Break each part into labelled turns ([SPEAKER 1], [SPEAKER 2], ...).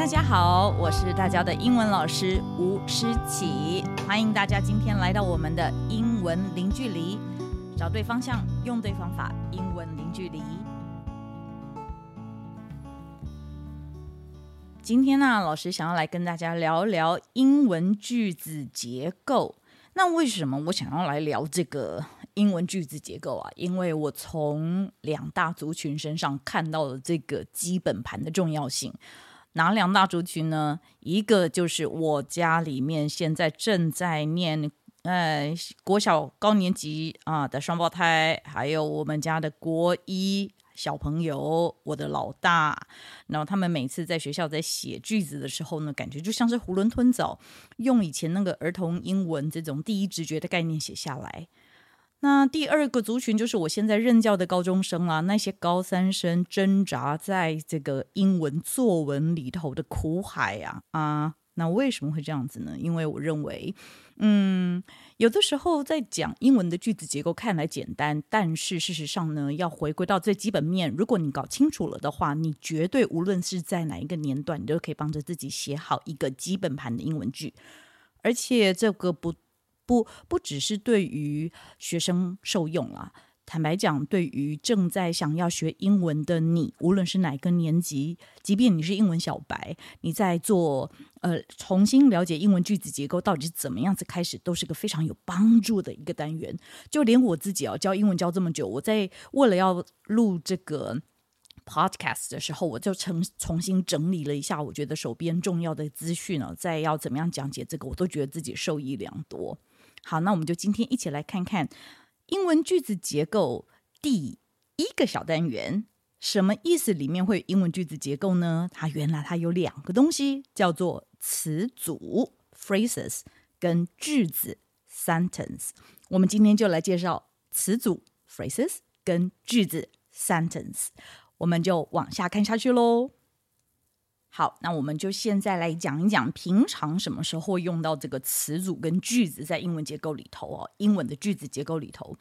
[SPEAKER 1] 大家好，我是大家的英文老師吳詩綺。歡迎大家今天來到我們的英文零距離。找對方向，用對方法，英文零距離。今天呢，啊，老師想要來跟大家聊聊英文句子結構。那為什麼我想要來聊這個英文句子結構啊？因為我從兩大族群身上看到了這個基本盤的重要性。哪兩大族群呢？一個就是我家裡面現在正在念，呃，國小高年級啊的雙胞胎，還有我們家的國一小朋友，我的老大。然後他們每次在學校在寫句子的時候呢，感覺就像是囫圇吞棗，用以前那個兒童英文這種第一直覺的概念寫下來。那第二個族群就是我現在任教的高中生啊。那些高三生掙扎在這個英文作文裡頭的苦海啊啊！那為什麼會這樣子呢？因為我認為，嗯，有的時候在講英文的句子結構看來簡單，但是事實上呢，要回歸到最基本面，如果你搞清楚了的話，你絕對無論是在哪一個年段，你都可以幫着自己寫好一個基本盤的英文句，而且這個不。不不只是對於學生受用啊，坦白講，對於正在想要學英文的你，無論是哪個年級，即便你是英文小白，你在做呃重新了解英文句子結構到底是怎麼樣子，開始都是個非常有幫助的一個單元。就連我自己啊，教英文教這麼久，我在為了要錄這個 podcast 的時候，我就重重新整理了一下，我覺得手邊重要的資訊啊，再要怎麼樣講解這個，我都覺得自己受益良多。好，那我們就今天一起來看看英文句子結構第一個小單元什麼意思？裡面會有英文句子結構呢？它原來它有兩個東西，叫做詞組 phrases 跟句子 sentence。我們今天就來介紹詞組 phrases 跟句子 sentence，我們就往下看下去嘍。好，那我們就現在來講一講，平常什麼時候會用到這個詞組跟句子，在英文結構裡頭哦，英文的句子結構裡頭。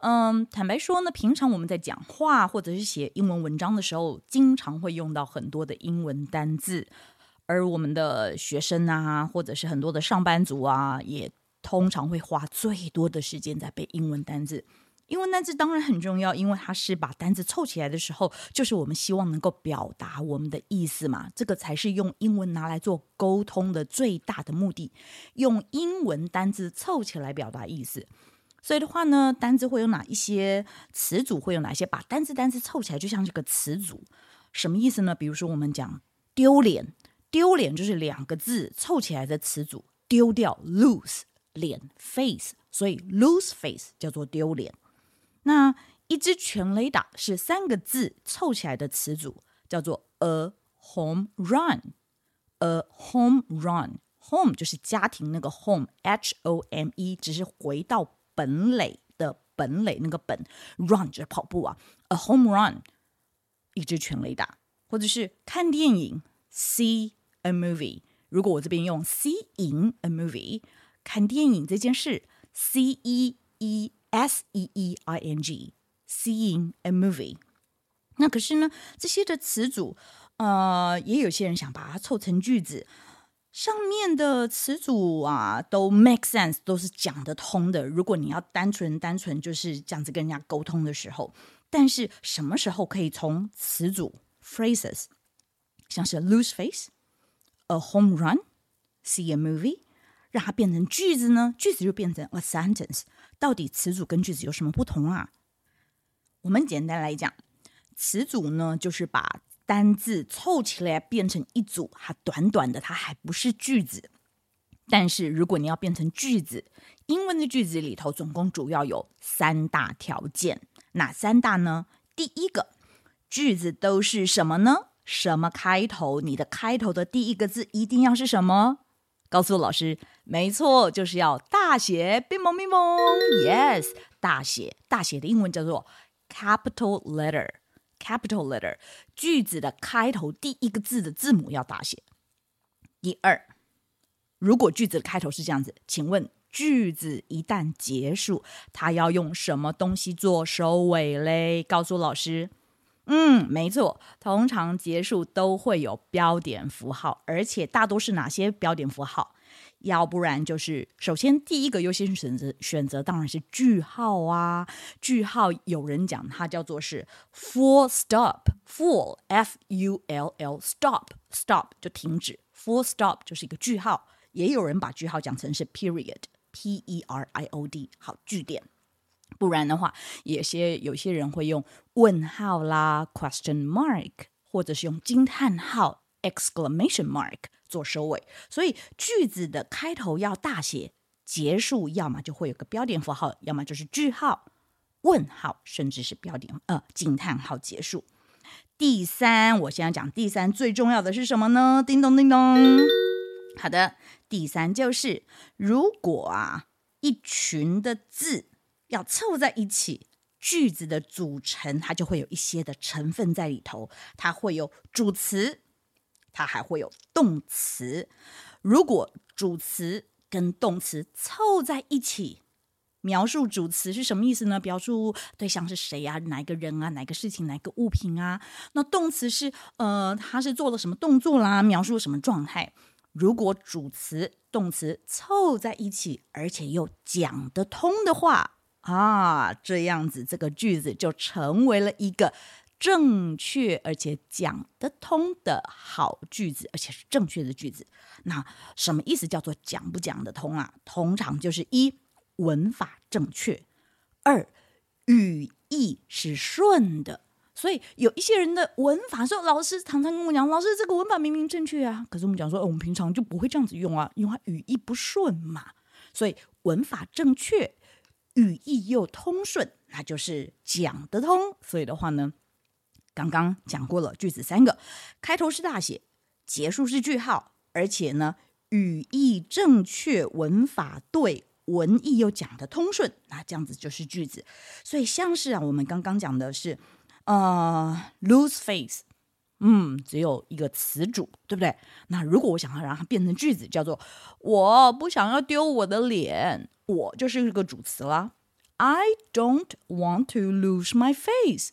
[SPEAKER 1] 嗯，坦白說呢，平常我們在講話或者是寫英文文章的時候，經常會用到很多的英文單字，而我們的學生啊，或者是很多的上班族啊，也通常會花最多的時間在背英文單字。英文單字當然很重要，因為它是把單字湊起來的時候，就是我們希望能夠表達我們的意思嘛。這個才是用英文拿來做溝通的最大的目的，用英文單字湊起來表達意思。所以的話呢，單字會有哪一些詞組？會有哪些把單字單字湊起來，就像這個詞組，什麼意思呢？比如說我們講丟臉，丟臉就是兩個字湊起來的詞組，丟掉 （lose） 臉 （face），所以 lose face 叫做丟臉。那一支全壘打是三個字湊起來的詞組，叫做 a home run。a home run，home 就是家庭那個 home，H O M E，只是回到本壘的本壘那個本，run 就是跑步啊。a home run，一支全壘打，或者是看電影，see a movie。如果我這邊用 seeing a movie，看電影這件事，C E E。E S, S E E I N G, seeing a movie。那可是呢，這些的詞組，呃，也有些人想把它湊成句子。上面的詞組啊，都 make sense，都是講得通的。如果你要單純單純就是這樣子跟人家溝通的時候，但是什麼時候可以從詞組 phrases，像是 lose face, a home run, see a movie，讓它變成句子呢？句子就變成 a sentence。到底詞組跟句子有什麼不同啊？我們簡單來講，詞組呢就是把單字湊起來變成一組，它短短的，它還不是句子。但是如果你要變成句子，英文的句子裡頭總共主要有三大條件，哪三大呢？第一個，句子都是什麼呢？什麼開頭？你的開頭的第一個字一定要是什麼？告訴老師。沒錯，就是要大寫咪蒙咪蒙，yes，大寫大寫的英文叫做 capital letter, capital letter，capital letter，句子的開頭第一個字的字母要大寫。第二，如果句子的開頭是這樣子，請問句子一旦結束，它要用什麼東西做收尾嘞？告訴老師，嗯，沒錯，通常結束都會有標點符號，而且大多是哪些標點符號？要不然就是，首先第一個優先選擇選擇當然是句號啊，句號有人講它叫做是 full stop，full f u l l stop stop 就停止，full stop 就是一個句號。也有人把句號講成是 period p e r i o d，好句點。不然的話，也有些有些人會用問號啦，question mark，或者是用驚嘆號 exclamation mark。做收尾，所以句子的開頭要大寫，結束要麼就會有個標點符號，要麼就是句號、問號，甚至是標點，呃，驚嘆號結束。第三，我現在講第三，最重要的是什麼呢？叮咚叮咚，好的，第三就是如果啊一群的字要湊在一起，句子的組成它就會有一些的成分在裡頭，它會有主詞。它還會有動詞，如果主詞跟動詞湊在一起，描述主詞是什麼意思呢？描述對象是誰呀？啊？哪個人啊？哪個事情？哪個物品啊？那動詞是呃，他是做了什麼動作啦？描述什麼狀態？如果主詞、動詞湊在一起，而且又講得通的話啊，這樣子這個句子就成為了一個。正確而且講得通的好句子，而且是正確的句子。那什麼意思叫做講不講得通啊？通常就是一文法正確，二語義是順的。所以有一些人的文法說，老師常常跟我講，老師這個文法明明正確啊，可是我們講說，哎，我們平常就不會這樣子用啊，因為語義不順嘛。所以文法正確，語義又通順，那就是講得通。所以的話呢？剛剛講過了，句子三個，開頭是大寫，結束是句號，而且呢，語義正確，文法對，文意又講得通順，那這樣子就是句子。所以像是啊，我們剛剛講的是呃、uh，lose face，嗯，只有一個詞組，對不對？那如果我想要讓它變成句子，叫做我不想要丟我的臉，我就是一個主詞啦，I don't want to lose my face。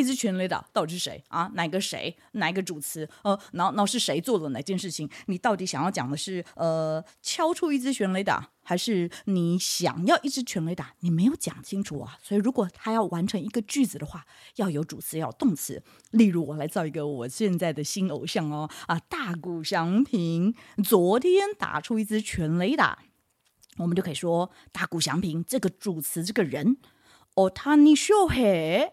[SPEAKER 1] 一支全壘打到底是誰啊？哪個誰？哪個主詞？呃，那那是誰做了哪件事情？你到底想要講的是呃，敲出一支全壘打，還是你想要一支全壘打？你沒有講清楚啊！所以，如果他要完成一個句子的話，要有主詞，要有動詞。例如，我來造一個我現在的新偶像哦啊，大谷翔平昨天打出一支全壘打，我們就可以說大谷翔平這個主詞，這個人哦，他你小黑。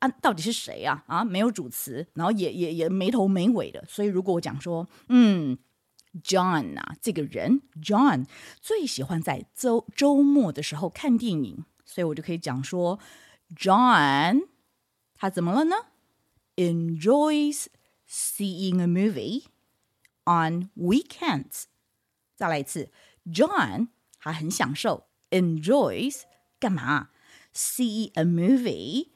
[SPEAKER 1] 啊，到底是誰呀？啊，沒有主詞，然後也也也沒頭沒尾的。所以，如果我講說，嗯，John 啊，這個人，John 最喜歡在周週末的時候看電影，所以我就可以講說，John 他怎麼了呢？Enjoys seeing a movie on weekends。再來一次，John 他很享受，enjoys 幹嘛？See a movie。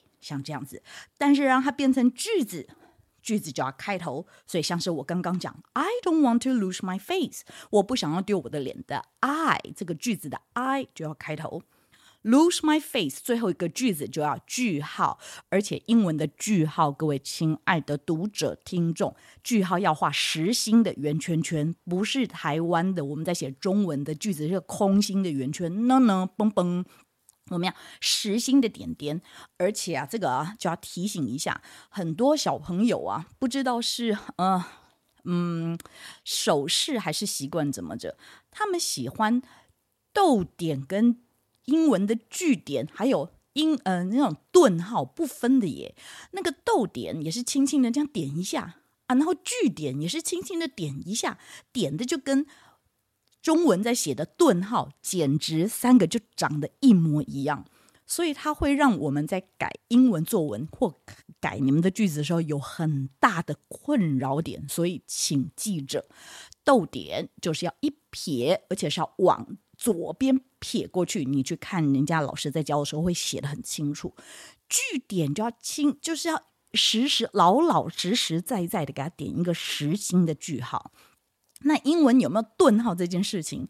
[SPEAKER 1] 像這樣子，但是讓它變成句子，句子就要開頭。所以像是我剛剛講，I don't want to lose my face，我不想要丟我的臉的，I 這個句子的 I 就要開頭。lose my face 最後一個句子就要句號，而且英文的句號，各位親愛的讀者聽眾，句號要畫實心的圓圈圈，不是台灣的，我們在寫中文的句子是空心的圓圈。No no 嘣嘣。怎麼樣？實心的點點，而且啊，這個啊就要提醒一下，很多小朋友啊，不知道是、呃、嗯嗯手勢還是習慣怎麼着，他們喜歡逗點跟英文的句點還有英呃那種頓號不分的耶，那個逗點也是輕輕的這樣點一下啊，然後句點也是輕輕的點一下，點的就跟。中文在寫的頓號，簡直三個就長得一模一樣，所以它會讓我們在改英文作文或改你們的句子的時候有很大的困擾點。所以請記着，逗點就是要一撇，而且是要往左邊撇過去。你去看人家老師在教的時候，會寫得很清楚。句點就要清，就是要實實老老實實實在在的給他點一個實心的句號。那英文有沒有頓號這件事情？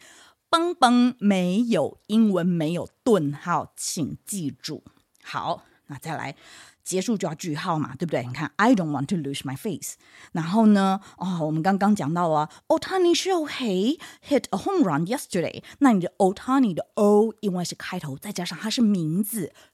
[SPEAKER 1] 邦邦沒有，英文沒有頓號，請記住。好，那再來，結束就要句號嘛，對不對？你看，I don't want to lose my face。然後呢？哦，我們剛剛講到了啊 Ohtani show he hit a home run yesterday。那你的 Ohtani 的 O 因為是開頭，再加上它是名字。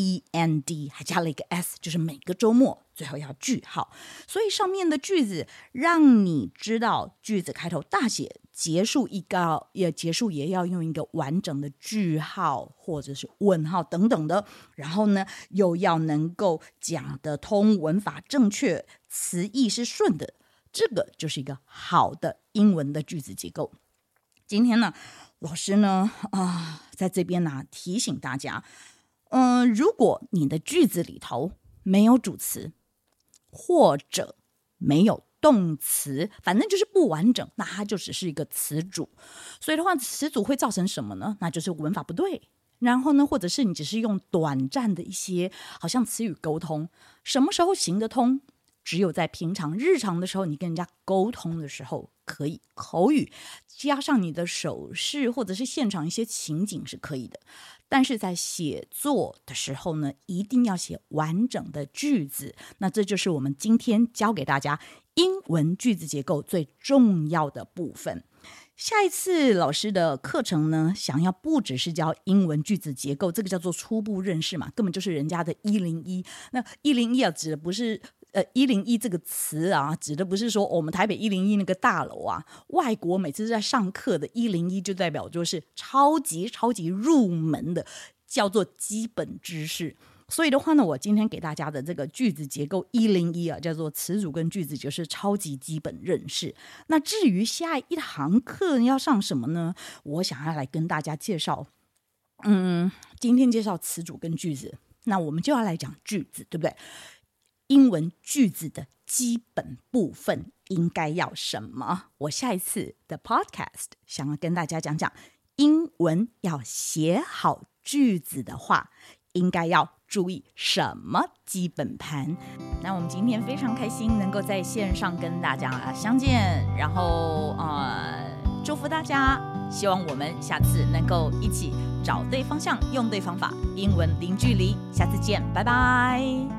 [SPEAKER 1] e n d 還加了一個 s，就是每個周末，最後要句號。所以上面的句子讓你知道，句子開頭大寫，結束一個也結束也要用一個完整的句號或者是問號等等的，然後呢，又要能夠講得通，文法正確，詞義是順的，這個就是一個好的英文的句子結構。今天呢，老師呢啊在這邊呢，啊，提醒大家。嗯，如果你的句子裡頭沒有主詞，或者沒有動詞，反正就是不完整，那它就只是一個詞組。所以的話，詞組會造成什麼呢？那就是文法不對。然後呢，或者是你只是用短暫的一些好像詞語溝通，什麼時候行得通？只有在平常日常的時候，你跟人家溝通的時候可以口語，加上你的手勢或者是現場一些情景是可以的。但是在寫作的時候呢，一定要寫完整的句子。那這就是我們今天教給大家英文句子結構最重要的部分。下一次老師的課程呢，想要不只是教英文句子結構，這個叫做初步認識嘛，根本就是人家的一零一。那一零一啊，指的不是。呃，一零一這個詞啊，指的不是說我們台北一零一那個大樓啊。外國每次在上課的一零一，就代表就是超級超級入門的，叫做基本知識。所以的話呢，我今天給大家的這個句子結構一零一啊，叫做詞組跟句子，就是超級基本認識。那至於下一堂課要上什麼呢？我想要來跟大家介紹，嗯，今天介紹詞組跟句子，那我們就要來講句子，對不對？英文句子的基本部分應該要什麼？我下一次的 podcast 想要跟大家講講，英文要寫好句子的話，應該要注意什麼基本盤？那我們今天非常開心能夠在線上跟大家相見，然後呃，祝福大家，希望我們下次能夠一起找對方向，用對方法，英文零距離。下次見，拜拜。